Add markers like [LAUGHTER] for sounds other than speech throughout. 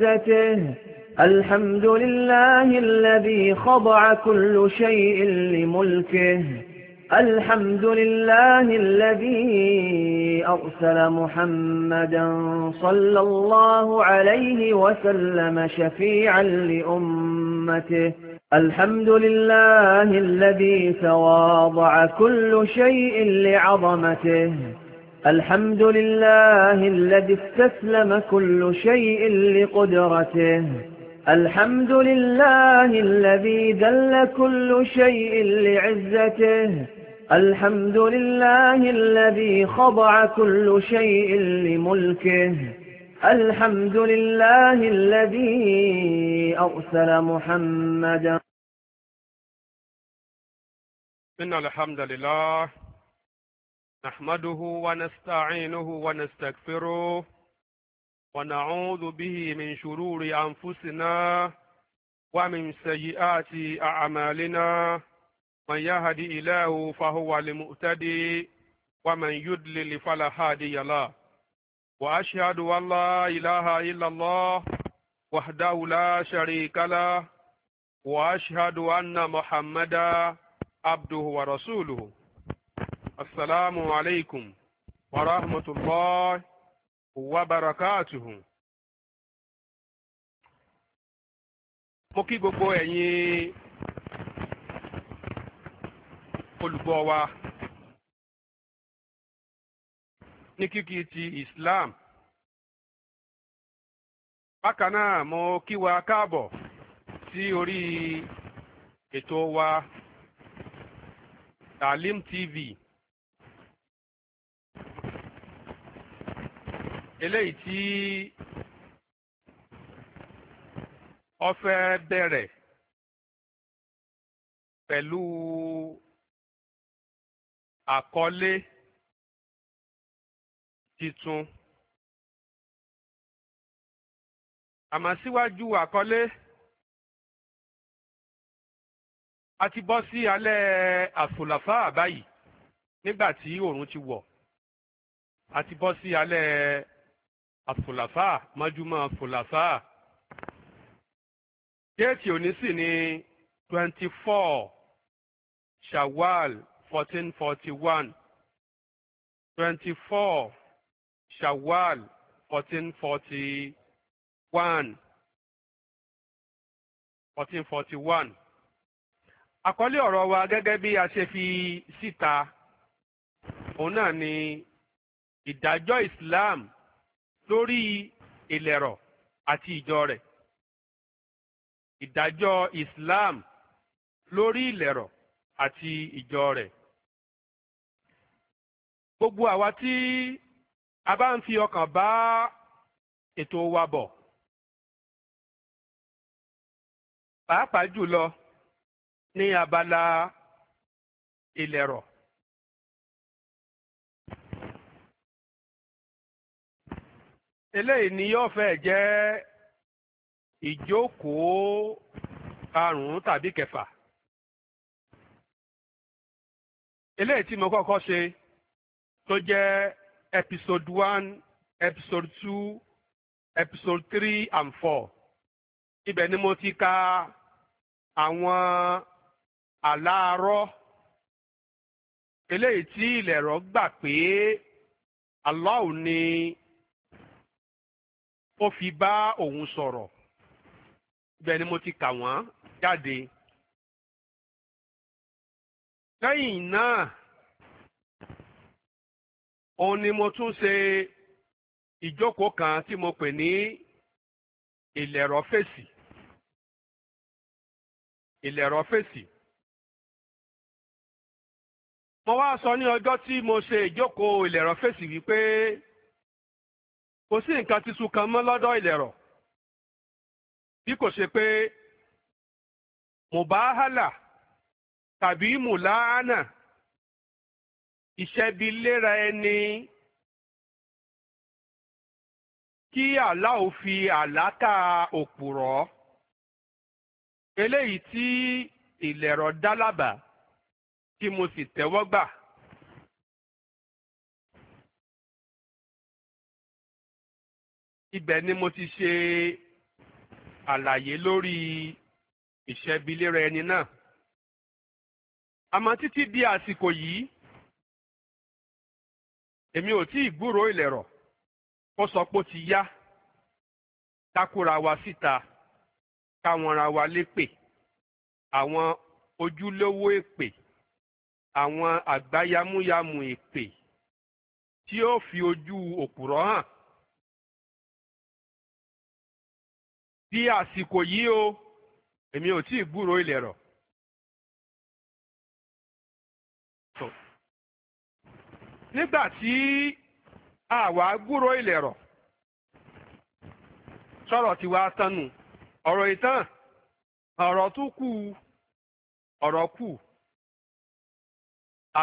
ذاته الحمد لله الذي خضع كل شيء لملكه الحمد لله الذي أرسل محمدا صلى الله عليه وسلم شفيعا لأمته الحمد لله الذي تواضع كل شيء لعظمته الحمد لله الذي استسلم كل شيء لقدرته الحمد لله الذي دل كل شيء لعزته الحمد لله الذي خضع كل شيء لملكه الحمد لله الذي أرسل محمدا إن الحمد لله نحمده ونستعينه ونستغفره ونعوذ به من شرور أنفسنا ومن سيئات أعمالنا من يهد إله فهو المؤتدي ومن يدلل فلا هادي له وأشهد أن لا إله إلا الله وحده لا شريك له وأشهد أن محمدا عبده ورسوله asalaamu aleykum wa rahmatulahi wa barakatuhu. mo kí gbogbo ẹ̀yin olùgbọ́ wa ní kíkí ti Islam bákan náà mo kí wa káàbọ̀ sí orí ètò wa Talim TV. eléyìí tí ó fẹ́ bẹ̀rẹ̀ pẹ̀lú àkọlé titun àmọ́ síwájú àkọlé a ti bọ́ sí alẹ́ àfòlàfà àbáyìí nígbà tí oòrùn ti wọ̀ a ti bọ́ sí alẹ́ àfòlàfà májúmọ́ àfòlàfà déètì òní sì ni twenty four shawal fourteen forty one twenty four shawal fourteen forty one fourteen forty one àkọlé ọ̀rọ̀ wa gẹ́gẹ́ bí a ṣe fi síta òun náà ni ìdájọ́ Islam lórí ìlẹ̀rọ̀ àti ìjọ rẹ̀ ìdájọ́ Islam lórí ìlẹ̀rọ̀ àti ìjọ rẹ̀ gbogbo àwa tí a bá ń fi ọkàn bá ètò wa bọ̀ pàápàá jùlọ ní abala ìlẹ̀rọ̀ eléyìí ni yóò fẹ́ jẹ́ ìjókòó karùn-ún tàbí kẹfà eléyìí tí mo kọ́kọ́ ṣe tó jẹ́ episode one episode two episode three and four ibẹ̀ ni mo ti ka àwọn àlàárọ̀ eléyìí tí ilẹ̀ rọ̀ gbà pé Allah ni ó fi bá òun sọ̀rọ̀ bẹ́ẹ̀ ni mo ti kà wọ́n jáde. lẹ́yìn náà òun ni mo tún ṣe ìjókòó kan tí mo pè ní ìlẹ̀rọ fèsì ìlẹ̀rọ fèsì. mo wá sọ ní ọjọ́ tí mo ṣe ìjókòó ìlẹ̀rọ fèsì wípé kò sí nǹkan tuntun kan mọ́ lọ́dọ̀ ìlẹ̀rọ̀ bí kò ṣe pé mùbáhálà tàbí mùláánà ìṣẹ́biléra ẹni kí àlá ò fi àlákà òpùrọ̀ eléyìí tí ìlẹ̀rọ̀ dálábà tí mo sì tẹ́wọ́ gbà. ibẹ̀ ni mo ti ṣe àlàyé lórí ìṣẹ́bilérẹ ẹni náà àmọ́ títí di àsìkò yìí èmi ò tí ì gbúròó ìlẹ̀rọ̀ kó sọ pé ó ti yá kákúra wa síta káwọn wa lépè àwọn ojúlówó èpè àwọn àgbáyamúyamù èpè tí ó fi ojú òpùrọ̀ hàn di àsìkò yìí o èmi ò tí ì gbúròó ilẹ̀ rọ̀. nígbà tí àwa gbúròó ilẹ̀ rọ̀ sọ̀rọ̀ tiwa tánu ọ̀rọ̀ ìtàn ọ̀rọ̀ tó kù ọ̀rọ̀ kù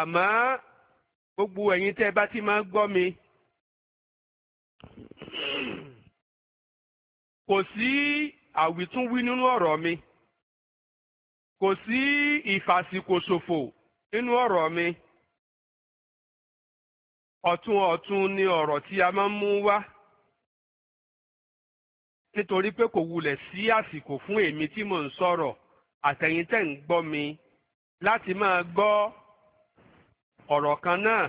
àmọ́ gbogbo ẹ̀yin tẹ́ bá ti máa gbọ́ mi kò sí àwítúnwí nínú ọ̀rọ̀ mi kò sí ìfàsìkòṣòfò nínú ọ̀rọ̀ mi ọ̀tun ọ̀tun ni ọ̀rọ̀ tí a máa ń mú wá nítorí pé kò wulẹ̀ sí àsìkò fún èmi tí mò ń sọ̀rọ̀ àtẹ̀yin tẹ̀ ń gbọ́ mi láti máa gbọ́ ọ̀rọ̀ kan náà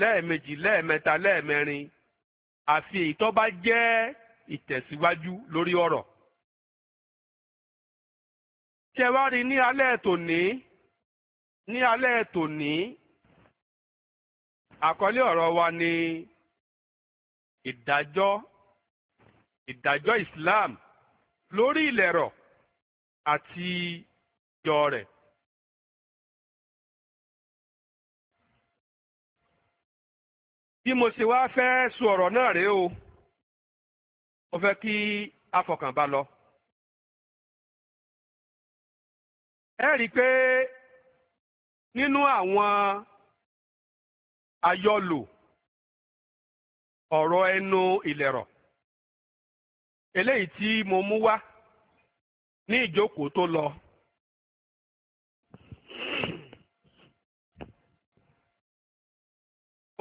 lẹ́ẹ̀mejì lẹ́ẹ̀mẹ́ta lẹ́ẹ̀mẹ́rin àfi èyí tó bá jẹ́ ìtẹ̀síwájú lórí ọ̀rọ̀. ṣẹ̀wárí ní alẹ́ tòní ní alẹ́ tòní àkọlé ọ̀rọ̀ wa ni ìdájọ́ ìdájọ́ Islam lórí ìlẹ̀rọ̀ àti ìjọ rẹ̀. bí mo ṣe wá fẹ́ sọ ọ̀rọ̀ náà rèé o. ó fẹ́ kí bá lọ. ẹ rí i pé nínú àwọn àyọlò ọ̀rọ̀ ẹnu ìlẹ̀rọ̀ eléyìí tí mo mú wá ní ìjókòó tó lọ.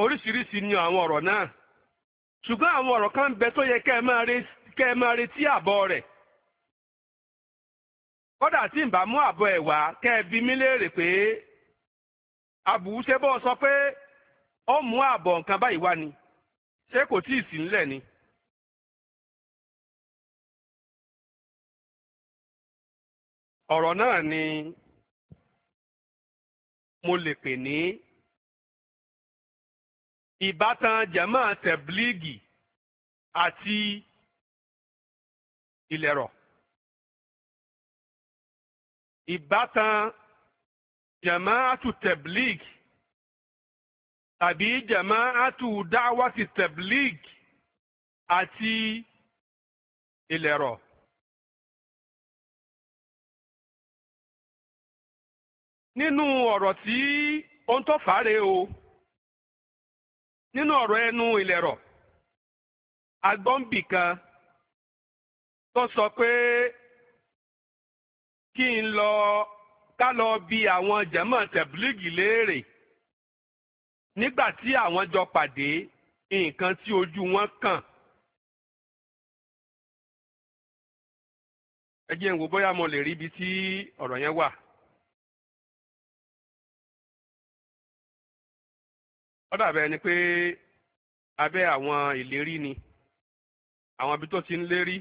oríṣiríṣi ni àwọn ọ̀rọ̀ náà. ṣùgbọ́n àwọn ọ̀rọ̀ kan bẹ tó yẹ kẹ́ ẹ máa retí àbọ̀ rẹ̀ kódà tí n bá mú àbọ̀ ẹ̀ wá kẹ́ ẹ mí léèrè pé ṣe bọ́ sọ pé ó mú àbọ̀ nǹkan báyìí wá ni ṣé kò sí nílẹ̀ ni. ọ̀rọ̀ náà ni mo lè pè ní ìbátan jama tẹ̀blígì àti ìlẹ̀rọ̀ ìbátan jamaatu tẹ̀blíg tàbí jamaatu dáwàtì tẹ̀blíg àti ìlẹ̀rọ̀. nínú ọ̀rọ̀ tí ó ń tọ́fà rèé o nínú ọ̀rọ̀ ẹnu ìlẹ̀rọ̀ agbọ́nbì kan tó sọ pé kí n lọ ká lọ bi àwọn jẹ̀mọ́ tẹ̀blígì léèrè nígbà tí àwọn jọ pàdé nǹkan tí ojú wọn kàn. ẹ jẹ́ n wò bóyá mo lè rí ibi tí ọ̀rọ̀ yẹn wà. ọ dàbí ẹni pé abẹ́ àwọn ìlérí ni àwọn abitọ ti ń lérí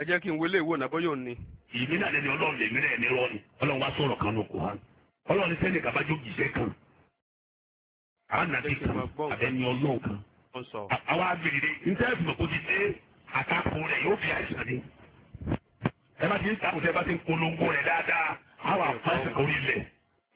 ẹ jẹ kí n wọlé ìwò náà bóyá òní. ìmí náà lẹni ọlọ́run lèmi rẹ̀ ní rọ́ọ̀nì ọlọ́run wá sọ̀rọ̀ kan ní oko hàn ọlọ́run sẹ́ni kàbájú gìṣẹ́ kan ànàdé kan àbẹ́ni ọlọ́run kan àwa abirire níta ìfìmọ̀ kó ti dé yóò fi àìsàn ni ẹ bá ti ń tẹ ẹ bá ti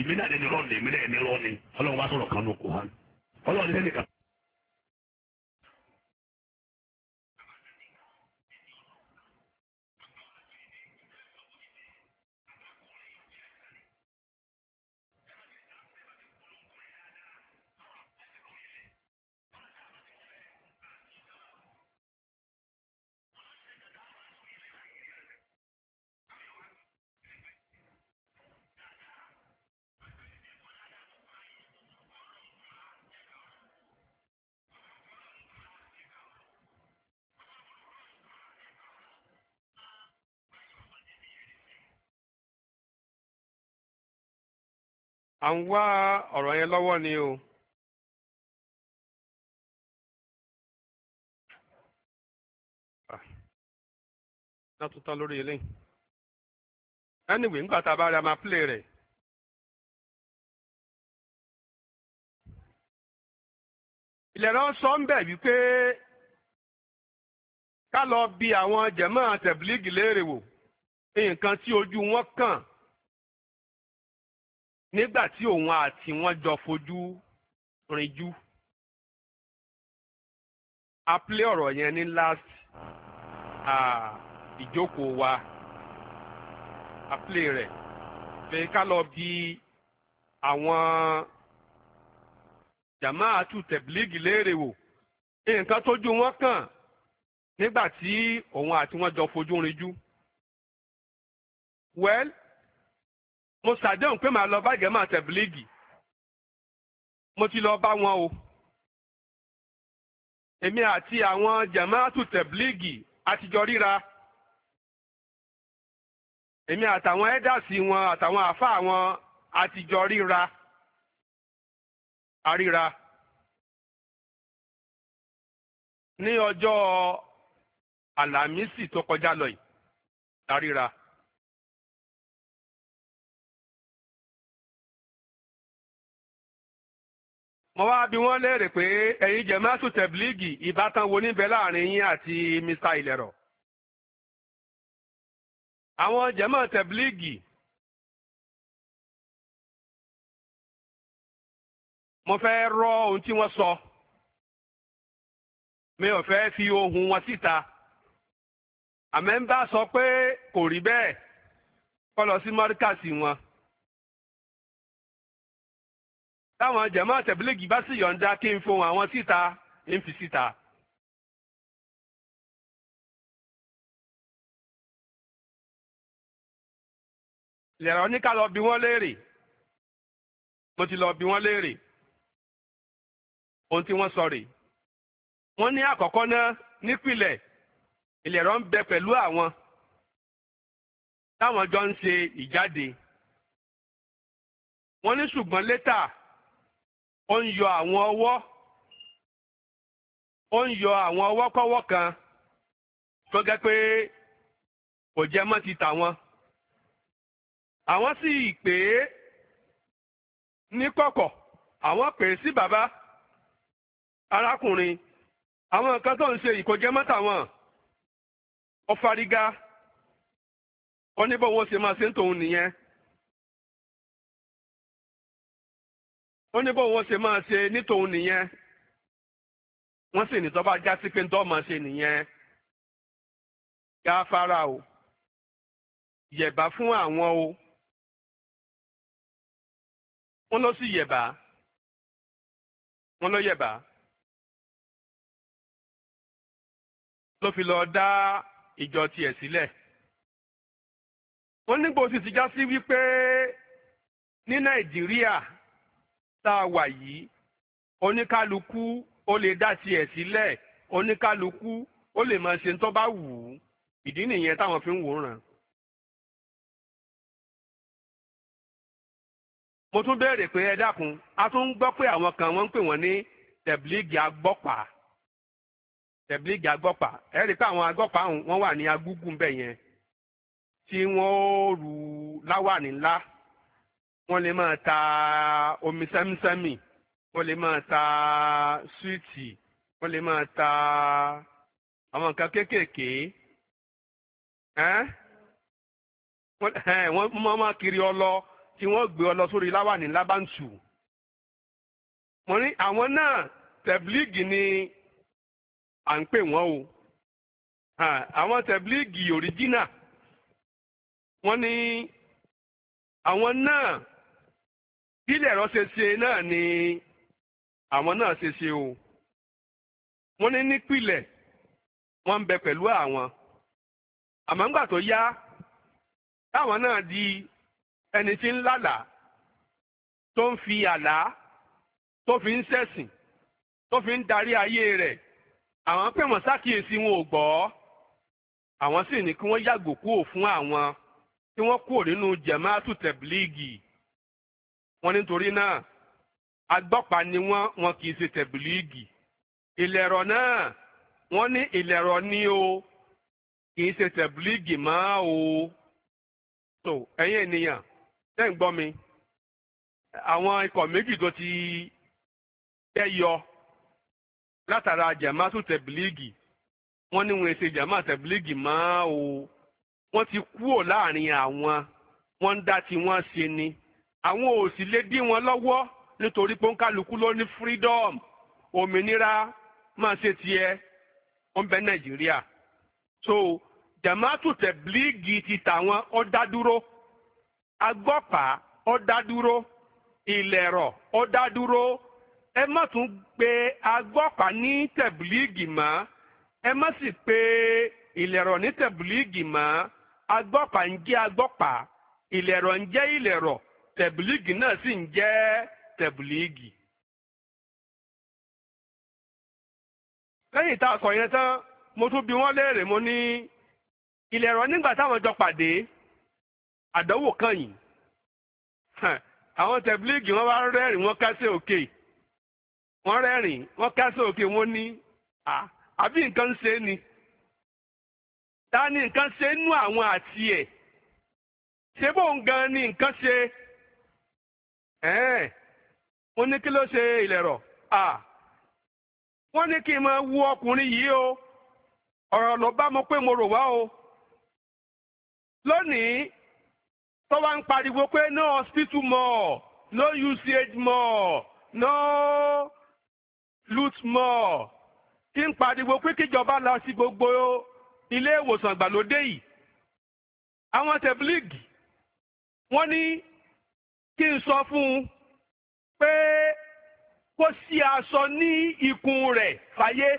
ìmínà lẹ́ni rọ́ọ̀nì ìmínà ẹ̀mí rọ́ọ̀nì ọlọ́run wá sọ̀rọ̀ kan nù kò hàn ọlọ́run lẹ́nìkan à ń wá ọ̀rọ̀ yẹn lọ́wọ́ ni o. látúntà ah. lórí eléyìí anyway ńgbà tá a bá rí a máa play rẹ̀. ìlẹ̀rọ sọ ń bẹ̀ wípé ká lọ bi àwọn jẹ̀mọ́ tẹ̀blígì léèrè wò nǹkan tí ojú wọn kàn nígbà tí òun àti wọn jọ fojú rinjú a plé ọ̀rọ̀ yẹn ní last ìjókòó wa a plé rẹ̀ pé ká lọ bí àwọn jàmáàtú tẹ̀blígì léèrè wò nǹkan tójú wọn kàn nígbà tí òun àti wọn jọ fojú rinjú. well mo ṣàdéhùn pé màá lọ bá ìgẹ́mọ̀ àtẹ̀bílíìgì mo ti lọ bá wọn o èmi àti àwọn jẹ̀mọ́tù tẹ̀bílíìgì àtijọ́ ríra èmi àtàwọn ẹ́dàsì wọn àtàwọn àfa àwọn àtijọ́ ríra àríra ní ọjọ́ àlàmísì tó kọjá lọ yìí àríra. mo wá bí wọ́n léèrè pé ẹ̀yin jẹ̀másù tẹ̀blígì ìbátan wo níbẹ̀ láàrin yín àti Mr. Ìlẹ̀rọ̀. àwọn jẹ̀mọ́ tẹ̀blígì mo fẹ́ rọ ohun tí wọ́n sọ mi ò fẹ́ fi ohun wọn síta àmẹ́ńbà sọ pé kò rí bẹ́ẹ̀ kọ́ lọ sí mọ́ríkàsì wọn táwọn jẹ̀mọ́ tẹ̀bílẹ́gì bá sì yọ̀ǹda kí n fohùn àwọn síta ń fi síta. lẹ̀rọ ní ká lọ bí wọ́n léèrè mo ti lọ bí wọ́n léèrè ohun tí wọ́n sọ rè wọ́n ní àkọ́kọ́ náà nípìnlẹ̀ ìlẹ̀rọ ń bẹ pẹ̀lú àwọn táwọn jọ ń ṣe ìjáde wọ́n ní ṣùgbọ́n létà ó ń yọ àwọn ọwọ́ ó ń yọ àwọn ọwọ́kọ́wọ́ kan tó gẹ́ pé kò jẹ́ mọ́ ti tà wọn. àwọn sì pè é ní kọ̀kọ̀ àwọn pè é sí bàbá arákùnrin àwọn nǹkan tó ń ṣe yìí kò jẹ́ mọ́ tàwọn. ó ó ní bó wọn ṣe máa ṣe ń tòun nìyẹn. ó ní bóun ṣe máa ṣe nítòun nìyẹn wọ́n sì ní tó bá já sí pé tó máa ṣe nìyẹn gáfárà o yẹ̀bá fún àwọn o wọ́n lọ sí yẹ̀bá wọ́n lọ yẹ̀bá ló fi lọ dá ìjọ tiẹ̀ sílẹ̀ wọ́n nígbò sì ti já sí wípé ní Nàìjíríà tá a wà yìí oníkálukú ó lè dá tiẹ̀ sílẹ̀ oníkálukú ó lè máa ṣe tó bá wù ú ìdí nìyẹn táwọn fi ń wòran. mo tún béèrè pé ẹ dákun a tún ń gbọ́ pé àwọn kan wọ́n ń pè wọ́n ní tẹ̀blígì agbọ́pàá tẹ̀blígì agbọ́pàá ẹ rí i pé àwọn agbọ́pàá wọ́n wà ní agúgùn bẹ́ẹ̀ yẹn tí wọ́n ó rú láwàní ńlá wọ́n lè máa ta omi sámísámì wọ́n lè máa ta súwìtì wọ́n lè máa ta àwọn nǹkan kéékèèké wọ́n máa máa kiri ọlọ tí wọ́n gbé ọlọ sórí láwàní lábàǹtù wọ́n ní àwọn náà tẹ̀blíìgì ni à ń pè wọ́n o àwọn tẹ̀blíìgì òríjínà wọ́n ní àwọn náà bílẹ̀ ẹ̀rọ ṣe ṣe náà ni àwọn náà ṣe ṣe o wọ́n ní nípìlẹ̀ wọ́n ń bẹ pẹ̀lú àwọn àmọ́ ńgbà tó yá táwọn náà di ẹni tí ń lálàá tó ń fi àlá tó fi ń ṣẹ̀sìn tó fi ń darí ayé rẹ̀ àwọn pè wọ́n ṣàkíyèsí wọn ò gbọ́ àwọn sì ní kí wọ́n yàgò kúò fún àwọn tí wọ́n kúò nínú jẹ̀máàtù tẹ̀blíìgì wọ́n nítorí náà agbọ́pa ni wọ́n wọn kì í ṣe tẹ̀bílíìgì ìlẹ̀rọ náà wọ́n ní ìlẹ̀rọ ní o kì í ṣe tẹ̀bílíìgì mọ́ o tó ẹ̀yin ènìyàn tẹ́ ń gbọ́ mi àwọn ikọ̀ méjì tó ti tẹ́ yọ látara jàmásù tẹ̀bílíìgì wọ́n ní wọ́n ṣe jàmá tẹ̀bílíìgì mọ́ o wọ́n ti kúrò láàrin àwọn wọ́n ń dá tiwọn ṣe ni àwọn ò sì lè dí wọn lọ́wọ́ nítorí pé òǹkálukú ló ní freedom òmìnira máa ṣe tiẹ̀ ó ń bẹ nàìjíríà so jamaatu tẹ̀blíìgì ti tàwọn ó dá dúró agbọ́pàá ó dá dúró ìlẹ̀rọ̀ ó dá dúró ẹ má tún pe agbọ́pàá ní tẹ̀blíìgì mọ́ ẹ má sì pe ìlẹ̀rọ̀ ní tẹ̀blíìgì mọ́ agbọ́pàá ń jẹ́ agbọ́pàá ìlẹ̀rọ̀ ń jẹ́ ìlẹ̀rọ̀ tẹ̀bílíìgì náà sì ń jẹ́ tẹ̀bílíìgì. lẹ́yìn tá a sọ yẹn tán mo tún bi wọ́n léèrè mo ní ilẹ̀ ẹ̀rọ nígbà táwọn jọ pàdé àdánwò kan yìí àwọn tẹ̀bílíìgì wọ́n wá rẹ́rìn wọ́n kásẹ̀ òkè wọ́n rẹ́rìn wọ́n kásẹ̀ òkè wọ́n ní àbí nǹkan ṣe é ni ta ni nǹkan ṣe é nú àwọn àti ẹ̀ ṣé bóun gan ni nǹkan ṣe ẹ̀ẹ́n mo ní kí ló ṣe ìlẹ̀rọ̀ à wọ́n ní kí n máa wú ọkùnrin yìí o ọ̀rọ̀ ló bá mo pé mo rò wá o lónìí tó wá ń pariwo pé no hospital mo, no usage more no loot more kí n pariwo pé kíjọba lọ sí gbogbo ilé ìwòsàn ìgbàlódé yìí àwọn tẹ̀blíìgì wọ́n ní kí n sọ fún un pé kó sí aṣọ ní ikùn rẹ̀ fàyè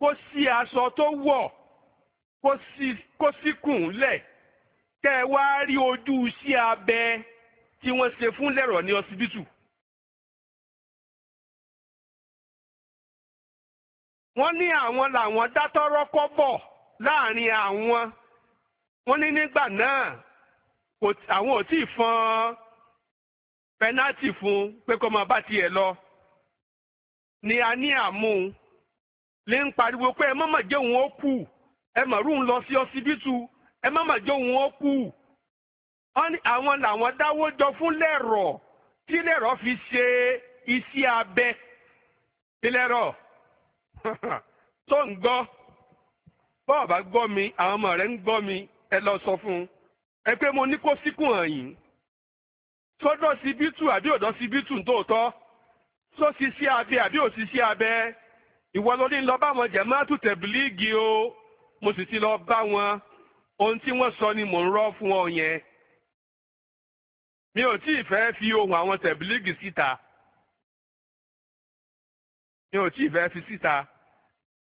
kó sí aṣọ tó wọ̀ kó síkùn lẹ̀ kẹ́ ẹ wá rí ojú iṣẹ́ abẹ tí wọ́n ṣe fún lẹ́rọ̀ ní ọsibítù. wọ́n ní àwọn làwọn dátọ́rọ́ kọ́ bọ̀ láàrin àwọn wọ́n ní nígbà náà àwọn ò tí ì fọn pẹnátì fún pé kó máa bá tiẹ̀ lọ ni a ní àmú lè ń pariwo pé ẹ má mà jẹ́ òun ó kú ẹ mà rú un lọ sí ọsibítù ẹ má mà jẹ́ òun ó kú. àwọn làwọn dáwó jọ fún lẹ́rọ̀ tí lẹ́rọ̀ fi ṣe iṣẹ́ abẹ tí lẹ́rọ̀ [LAUGHS] tó ń gbọ́ bọ́ọ̀ bá gbọ́ mi àwọn ọmọ rẹ̀ ń gbọ́ mi ẹ lọ sọ fún un ẹ pé mo ní kó síkùn hàn yín sọ́dọ̀ sí bítù àbí ọ̀dọ̀ sí bítù tóòtọ́ tó sì sí abẹ àbí ò sì sí abẹ ìwọ lórí ń lọ bá wọn jẹ̀mátù tẹ̀bílíìgì o mo sì ti lọ bá wọn ohun tí wọ́n sọ ni mò ń rọ́ fún ọ yẹn mi ò tí ì fẹ́ fi ohun àwọn tẹ̀bílíìgì síta mi ò tí ì fẹ́ fi síta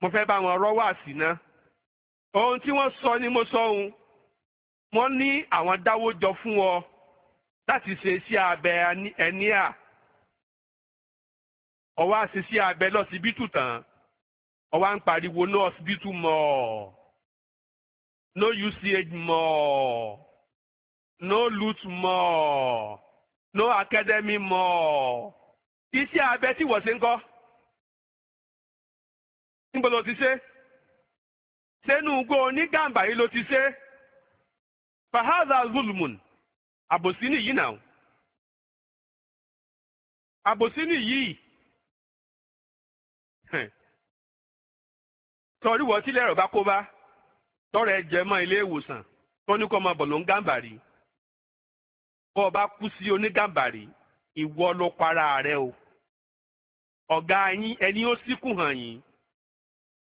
mo fẹ́ bá wọn rọ́ wá sí ná ohun tí wọ́n sọ ni mo sọ ohun wọ́n ní àwọn dáwó jọ fún ọ láti ṣe sí abẹ ẹni à ọwọ́ àṣe sí abẹ lọ́sibítù tán ọwọ́ ń pariwo no hospital mọ́ no UCH mọ́ no loot mọ́ no academy mọ́ iṣẹ́ abẹ tí wọ́n ṣe ń kọ́ níbo ló ti ṣe sẹ́nu ugbó onígàmbá yìí ló ti ṣe fahadà zulmun àbòsí nìyí náà àbòsí nìyí torí wọ́n tílẹ̀ ẹ̀rọ bá kó bá tọrọ ẹ jẹ mọ́ ilé ìwòsàn tó ní kó máa bọ̀ ló ń gàǹbàrí kó o bá kú sí onígàǹbàrí ìwọ ló para rẹ o ọ̀gá ẹni ó síkù hàn yín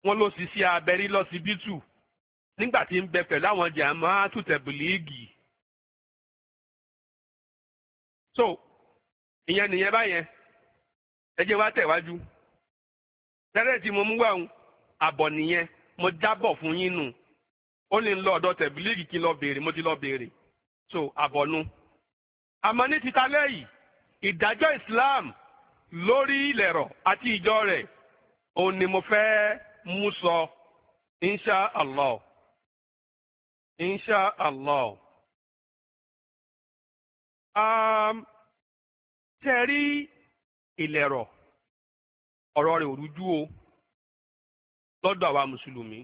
wọ́n ló sì ṣe abẹ́rí lọ́sibítù nígbà tí ń bẹ pẹ̀lú àwọn jàmáà tùtẹ̀bùlìgì. so ìyẹn nìyẹn báyẹn ẹ jẹ́ wá tẹ̀wájú. tẹ́lẹ̀ tí mo mú wá òun àbọ̀ nìyẹn mo jábọ̀ fún yín nù ó ní lọ ọ̀dọ̀ tẹ̀bùlìgì kí n lọ béèrè mo ti lọ béèrè so àbọ̀ nu. àmọ́ ní títa lẹ́yìn ìdájọ́ Islam lórí ilẹ̀rọ̀ àti ìjọ rẹ̀ òun ni mo fẹ́ mú sọ insha Allah insha allah um, tẹ̀rí ìlẹ̀rọ̀ ọ̀rọ̀ rẹ̀ ò rújú o lọ́dọ̀ àwa mùsùlùmí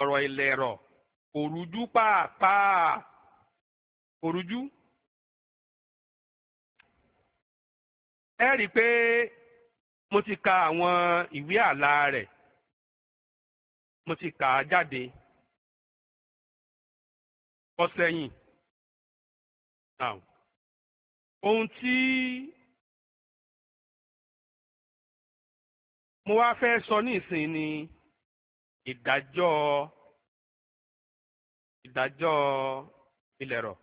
ọ̀rọ̀ ìlẹ̀rọ̀ kò rújú pàápàá kò rújú. ẹ rí i pé mo ti ka àwọn ìwé àlá rẹ̀ mo ti kà á jáde ọ̀sẹ̀yìn. ohun tí mo wá fẹ́ sọ ní ìsìn ni ìdájọ́ ìdájọ́ ilẹ̀rọ̀.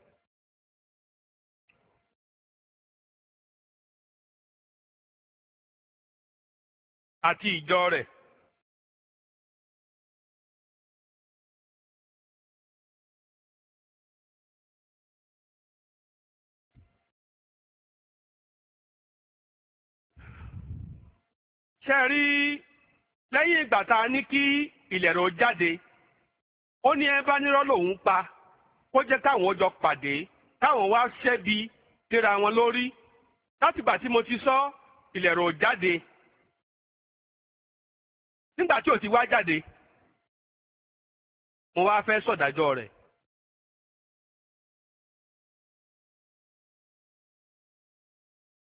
àti ìjọ rẹ̀. ṣe rí lẹ́yìn ìgbà tá a ní kí ìlẹ̀rọ jáde ó ní ẹ bá nírọ́ lòun pa kó jẹ́ káwọn ọjọ́ pàdé káwọn wá ṣẹ́bi tẹ́ra wọn lórí látìgbà tí mo ti sọ ìlẹ̀rọ jáde nígbà tí ò ti wá jáde mo wá fẹ́ sọ̀dájọ́ rẹ̀.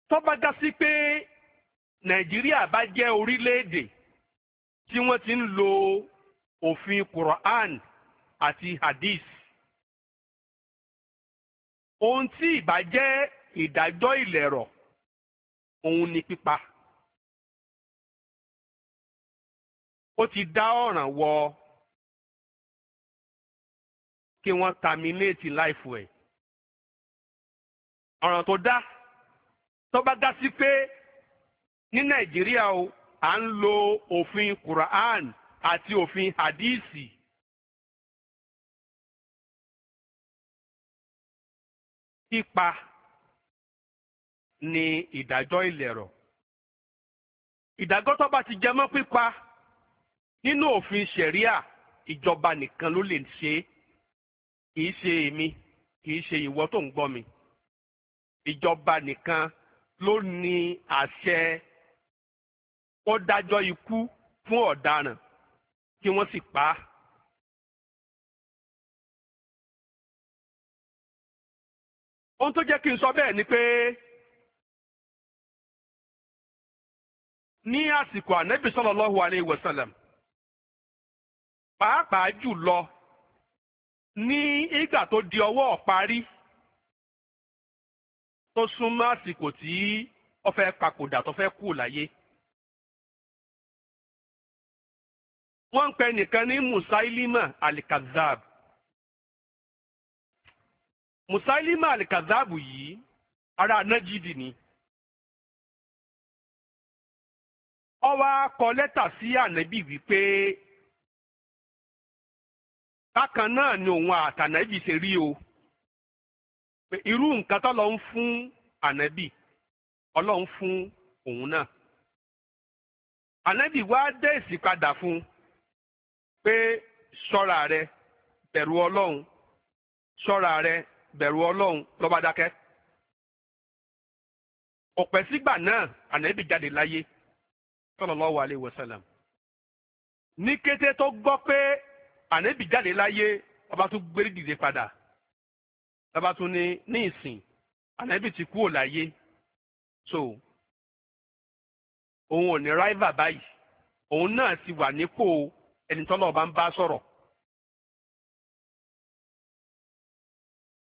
tó dá sí pé nàìjíríà bá jẹ́ orílẹ̀-èdè tí wọ́n ti ń lo òfin quran àti hadith ohun tí ìbá jẹ́ ìdájọ́ ìlẹ̀rọ̀ òun ni pípa ó ti dá ọ̀ràn wọ kí wọ́n terminate life ẹ̀ ọ̀ràn tó dá tó bá dá sí pé ní nàìjíríà o à ń lo òfin quran àti òfin Hadisi pípa ni ìdájọ́ ìlẹ̀rọ̀. ìdájọ́ tó bá ti jẹ mọ́ pípa nínú òfin ṣẹ̀ríà ìjọba nìkan ló lè ṣe é kìí ṣe èmi kìí ṣe ìwọ tó ń gbọ́ mi. ìjọba nìkan ló ní àṣẹ o dájọ́ ikú fún ọ̀daràn kí wọ́n sì pa á. ohun tó jẹ́ kí n sọ bẹ́ẹ̀ ni pé ní àsìkò ànábì sallallahu alayhi wa sallam pàápàá jùlọ ní ìgbà di ọwọ́ ọ̀parí tó súnmọ́ àsìkò tí ó fẹ́ papòdà tó fẹ́ kú wọ́n ń pè nìkan ní musailima alikazab musailima alikazab yìí ara anájídì ni Ọ wá kọ lẹ́tà sí ànábì wípé bákan náà ni òun àtànábì ṣe rí o irú nǹkan tó lọ ń fún ànábì ọlọ́run fún òun náà ànábì wá dé èsì padà fún un. pé ṣọ́ra rẹ bẹ̀rù ọlọ́run ṣọ́ra rẹ bẹ̀rù ọlọ́run lọ́ba dákẹ́. ọ̀pẹ́ sígbà náà ànábì jáde láyé sallallahu alaihi wasallam. ní kété tó gbọ́ pé ànábì jáde láyé ọba tún gbérí dìde padà ọba tún ní ní ìsìn ànábì ti kúrò láyé so òun ò ní ráìvà báyìí òun náà ti wà nípò ẹni tọ́lọ̀ bá ń bá sọ̀rọ̀.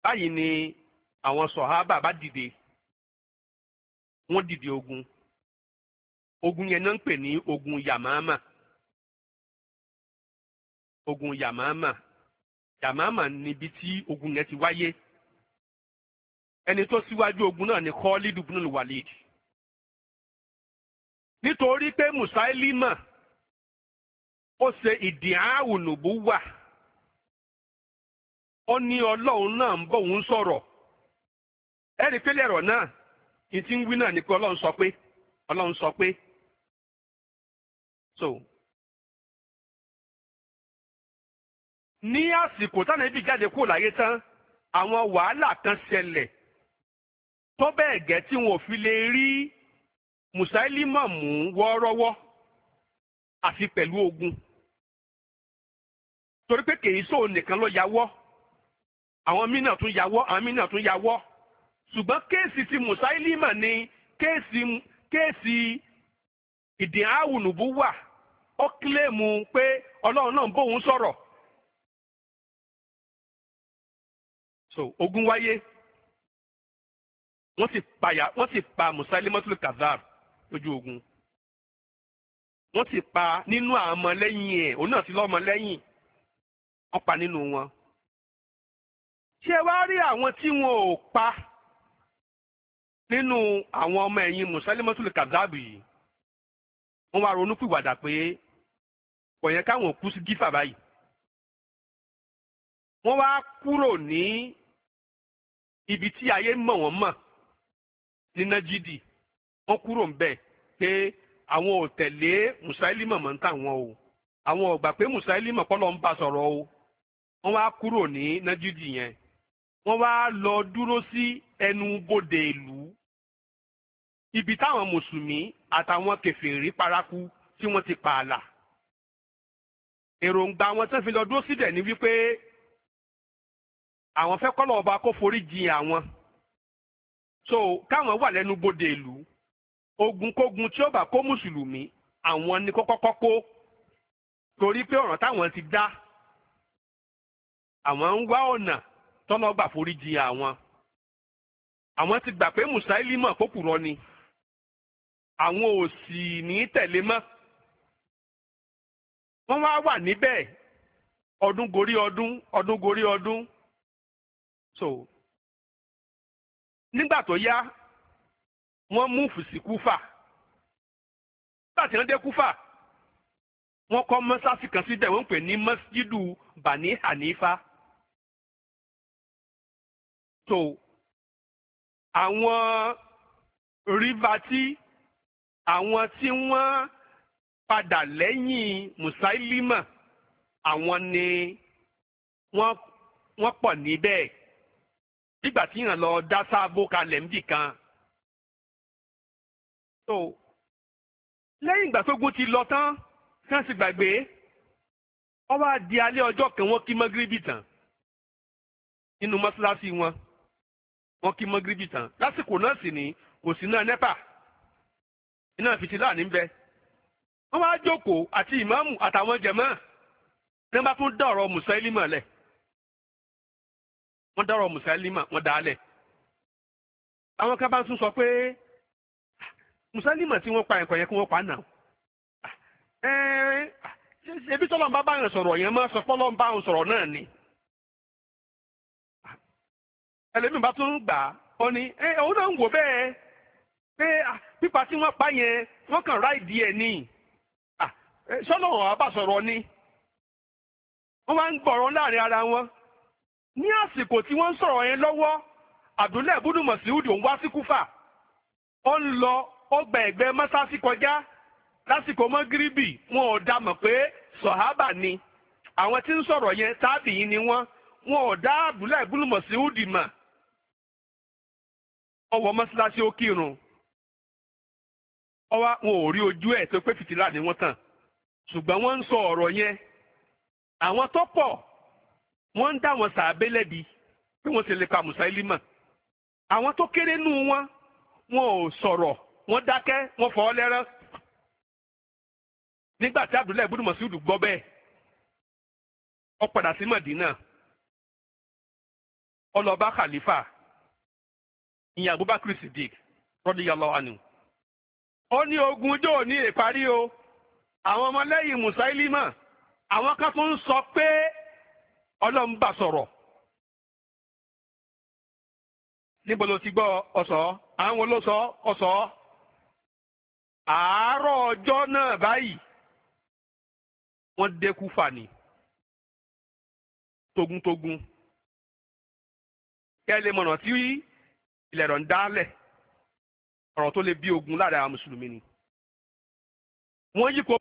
báyìí ni àwọn sọ̀hábà bá dìde wọ́n dìde ogun ogun yẹn náà ń pè ní ogun yamama ogun yamama yamama níbi tí ogun yẹn ti wáyé ẹni tó síwájú ogun náà ni Khalid ibn al nítorí pé Musailima. o se ìdíhàwù nùbú wà wa o ọlọ́run náà ń bọ̀ òun sọ̀rọ̀ ẹ̀rí pẹ́lẹ́ ẹ̀rọ náà naa ń wí náà ni pé ọlọ́run sọ pé ọlọ́run sọ pé so ní àsìkò táwọn ẹbí jáde kúrò láyé tán àwọn wàhálà kan ṣẹlẹ̀ tó bẹ́ẹ̀ gẹ́ tí wọn ò fi lè rí Mùsáílímà mú wọ́ọ́rọ́wọ́ àfi pẹ̀lú ogun. torí pé kèyí sóun nìkan ló yáwọ́ àwọn míì náà tún yáwọ́ àwọn míì náà tún yáwọ́ ṣùgbọ́n kéèsì ti Musailima ni kéèsì kéèsì ìdìhàwùnùbù wà ó kílèmù pé ọlọ́run náà ń bóun sọ̀rọ̀ so ogun wáyé wọ́n sì payà wọ́n sì pa Musailimatul Kadhab lójú ogun wọ́n sì pa nínú àmọ́ lẹ́yìn ẹ̀ òun náà sì lọ́mọ lẹ́yìn ọ̀pá nínú wọn. ṣé wá rí àwọn tí wọn ò pa nínú àwọn ọmọ ẹ̀yìn mùsálímọ́tòlù kàdáàbù yìí wọ́n wá ronú pìwàdà pé kò yẹ káwọn kú sí gífà báyìí. wọ́n wá kúrò ní ibi tí ayé mọ̀ wọ́n mọ̀ ní nájídì wọ́n kúrò ń bẹ̀ pé àwọn ò tẹ̀lé mùsáílì mọ̀mọ́ ń o àwọn ò gbà pé mùsáílì mọ̀kọ́ ló ń bá sọ̀rọ̀ o wọ́n wá kúrò ní nájúdì yẹn wọ́n wá lọ dúró sí ẹnu bodè ìlú ibi táwọn mùsùlùmí àtàwọn kèfèrí paraku tí wọ́n ti pààlà èròǹgbà wọn tẹ́ fi lọ dúró síbẹ̀ ní wípé àwọn fẹ́ kọ́lọ̀ ọba kó forí jìn àwọn so káwọn wà lẹ́nu bodè ìlú ogunkógun tí ó bá kó mùsùlùmí àwọn ni kó kọ́kọ́ kó torí pé ọ̀ràn táwọn ti dá àwọn ń wá ọ̀nà tọ́lọ́gbà foríjì àwọn àwọn ti gbà pé Mùsáílímà kókùrọ́ ni àwọn ò sì ní tẹ̀lé mọ́ wọ́n wá wà níbẹ̀ ọdún gorí ọdún ọdún gorí ọdún so nígbà tó yá wọ́n mú fùsì kúfà nígbà tí wọ́n dé kúfà wọ́n kọ́ mọ́sáàsì kan síbẹ̀ wọ́n pè ní mọ́sídù Bani Hanifa so àwọn rivati àwọn tí wọ́n padà lẹ́yìn musailima àwọn ni wọ́n wọ́n pọ̀ níbẹ̀ nígbà tí yàn lọ dá sáàbò kalẹ̀ ń kan. so lẹ́yìn ìgbà tógun ti lọ tán kí wọ́n sì gbàgbé wọ́n wá di alẹ́ ọjọ́ kan wọ́n kí mọ́gíríbì tán nínú mọ́ṣáláṣí wọn wọ́n kí mọ́gíríbì tán lásìkò náà sì ní kò sí náà nẹ́pà iná fìtílà ní bẹ. wọ́n wá jókòó àti ìmáàmù àtàwọn jẹ̀mọ́ ní wọ́n bá tún dá ọ̀rọ̀ mùsàlímà lẹ̀ wọ́n dá ọ̀rọ̀ mùsàlímà wọ́n dá a lẹ̀. àwọn kan bá tún sọ pé mùsàlímà tí wọ́n pa ẹ̀kọ́ yẹn kí wọ́n pa náà. ẹ̀ẹ́n ṣebí tọ́lọ́mbá bá yàn sọ̀rọ̀ yẹn máa sọ fọ́lọ́mbá sọ̀rọ̀ náà ni. ẹlẹ́mìí bá tún gbà á ó ní ẹ òun náà ń wò bẹ́ẹ̀ pé pípa tí wọ́n pa yẹn wọ́n kàn ráìdì ẹ̀ ní sọ́nà àbàsọ̀rọ̀ ni wọ́n máa ń gbọ̀rọ̀ láàrin ara wọn ní àsìkò tí wọ́n ń sọ̀rọ̀ yẹn lọ́wọ́ Abdullahi budu masiudu ń wá sí Kúfà ó ń lọ ọgbà ẹ̀gbẹ́ mọ́sáàsì kọjá lásìkò mọ́gíríbì wọn ò dá pé sọ̀hábà ni àwọn tí ń sọ̀rọ̀ yẹn tábìyí ni wọ́n wọn ò dá Abdullahi budu masiudu mọ̀ ọwọ́ mọ́ṣáláṣí ó kírun ọwọ́ wọn ò rí ojú ẹ̀ tó pé fìtílà ni wọ́n tàn ṣùgbọ́n wọ́n ń sọ ọ̀rọ̀ yẹn àwọn tó pọ̀ wọ́n ń dá wọn sàábé lẹ́bi bí wọ́n ṣe lè pa Mùsáílímà àwọn tó kéré nù wọn wọn ò sọ̀rọ̀ wọ́n dákẹ́ wọ́n fọ́ lẹ́rán nígbà tí Abdullahi ibn Mas'ud gbọ́ bẹ́ẹ̀ ó padà sí Mọ̀dínà ó lọ bá Khalifa ìyẹn Abubakar Siddiq radiyallahu anhu. ó ní ogun ọjọ́ ní ìparí o àwọn ọmọlẹ́yìn Musailima àwọn kan tó ń sọ pé Ọlọ́run bá sọ̀rọ̀ níbo ló ti gbọ́ ọ̀sọ́ àwọn ló sọ ọ̀sọ́ àárọ̀ ọjọ́ náà báyìí wọ́n dé Kúfà togun togun kẹ́ lè mọ̀nà tí ilẹ̀ rọ̀ ń dálẹ̀ ọ̀rọ̀ tó lè bí ogun láàrin àwọn mùsùlùmí ni. wọ́n yí kó